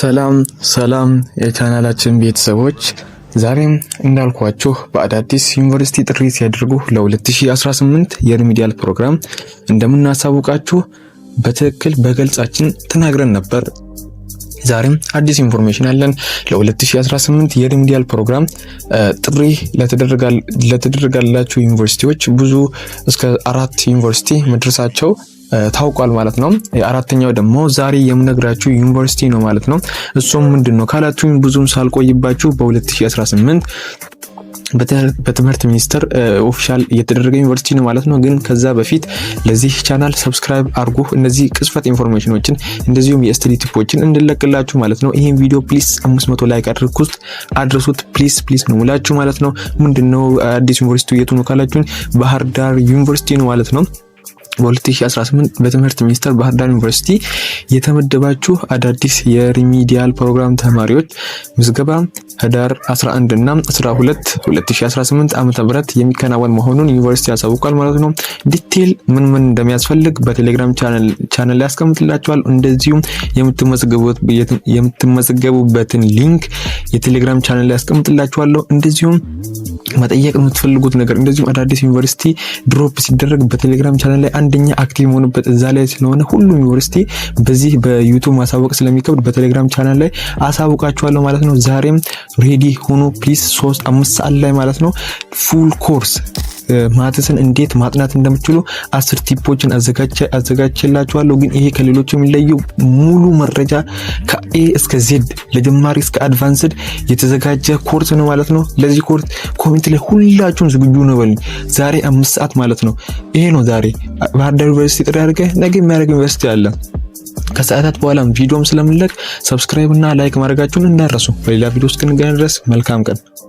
ሰላም ሰላም የቻናላችን ቤተሰቦች ዛሬም እንዳልኳችሁ በአዳዲስ ዩኒቨርሲቲ ጥሪ ሲያደርጉ ለ2018 የሪሚዲያል ፕሮግራም እንደምናሳውቃችሁ በትክክል በገልጻችን ተናግረን ነበር። ዛሬም አዲስ ኢንፎርሜሽን አለን። ለ2018 የሪሚዲያል ፕሮግራም ጥሪ ለተደረጋላችሁ ዩኒቨርሲቲዎች ብዙ እስከ አራት ዩኒቨርሲቲ መድረሳቸው ታውቋል ማለት ነው። አራተኛው ደግሞ ዛሬ የምነግራችሁ ዩኒቨርሲቲ ነው ማለት ነው። እሱም ምንድን ነው ካላችሁኝ ብዙም ሳልቆይባችሁ በ2018 በትምህርት ሚኒስቴር ኦፊሻል የተደረገ ዩኒቨርሲቲ ነው ማለት ነው። ግን ከዛ በፊት ለዚህ ቻናል ሰብስክራይብ አርጉ እነዚህ ቅጽበት ኢንፎርሜሽኖችን እንደዚሁም የስተዲ ቲፖችን እንድለቅላችሁ ማለት ነው። ይህን ቪዲዮ ፕሊስ 500 ላይክ አድርጉት አድርሱት፣ ፕሊስ ፕሊስ ነው ሙላችሁ ማለት ነው። ምንድነው አዲስ ዩኒቨርሲቲ የቱ ነው ካላችሁኝ ባህር ዳር ዩኒቨርሲቲ ነው ማለት ነው። በ2018 በትምህርት ሚኒስቴር ባህር ዳር ዩኒቨርሲቲ የተመደባችሁ አዳዲስ የሪሚዲያል ፕሮግራም ተማሪዎች ምዝገባ ህዳር 11 እና 12 2018 ዓ.ም የሚከናወን መሆኑን ዩኒቨርሲቲ ያሳውቋል ማለት ነው። ዲቴል ምን ምን እንደሚያስፈልግ በቴሌግራም ቻነል ላይ ያስቀምጥላችኋል። እንደዚሁም የምትመዘገቡበትን ሊንክ የቴሌግራም ቻነል ላይ ያስቀምጥላችኋለሁ። እንደዚሁም መጠየቅ የምትፈልጉት ነገር እንደዚሁም አዳዲስ ዩኒቨርሲቲ ድሮፕ ሲደረግ በቴሌግራም ቻናል ላይ አንደኛ አክቲቭ መሆንበት እዛ ላይ ስለሆነ ሁሉም ዩኒቨርሲቲ በዚህ በዩቱብ ማሳወቅ ስለሚከብድ በቴሌግራም ቻናል ላይ አሳውቃችኋለሁ ማለት ነው። ዛሬም ሬዲ ሆኖ ፕሊስ ሶስት አምስት ሰዓት ላይ ማለት ነው ፉል ኮርስ ማትስን እንዴት ማጥናት እንደምችሉ አስር ቲፖችን አዘጋጅላችኋለሁ። ግን ይሄ ከሌሎች የሚለየው ሙሉ መረጃ ከኤ እስከ ዜድ ለጀማሪ እስከ አድቫንስድ የተዘጋጀ ኮርስ ነው ማለት ነው። ለዚህ ኮርስ ኮሚኒቲ ላይ ሁላችሁም ዝግጁ ነው በሉኝ። ዛሬ አምስት ሰዓት ማለት ነው። ይሄ ነው ዛሬ ባህር ዳር ዩኒቨርሲቲ ጥሪ አድርገ ነገ የሚያደርግ ዩኒቨርሲቲ አለ። ከሰዓታት በኋላም ቪዲዮም ስለምንለቅ ሰብስክራይብ እና ላይክ ማድረጋችሁን እንዳረሱ። በሌላ ቪዲዮ እስክንገናኝ ድረስ መልካም ቀን።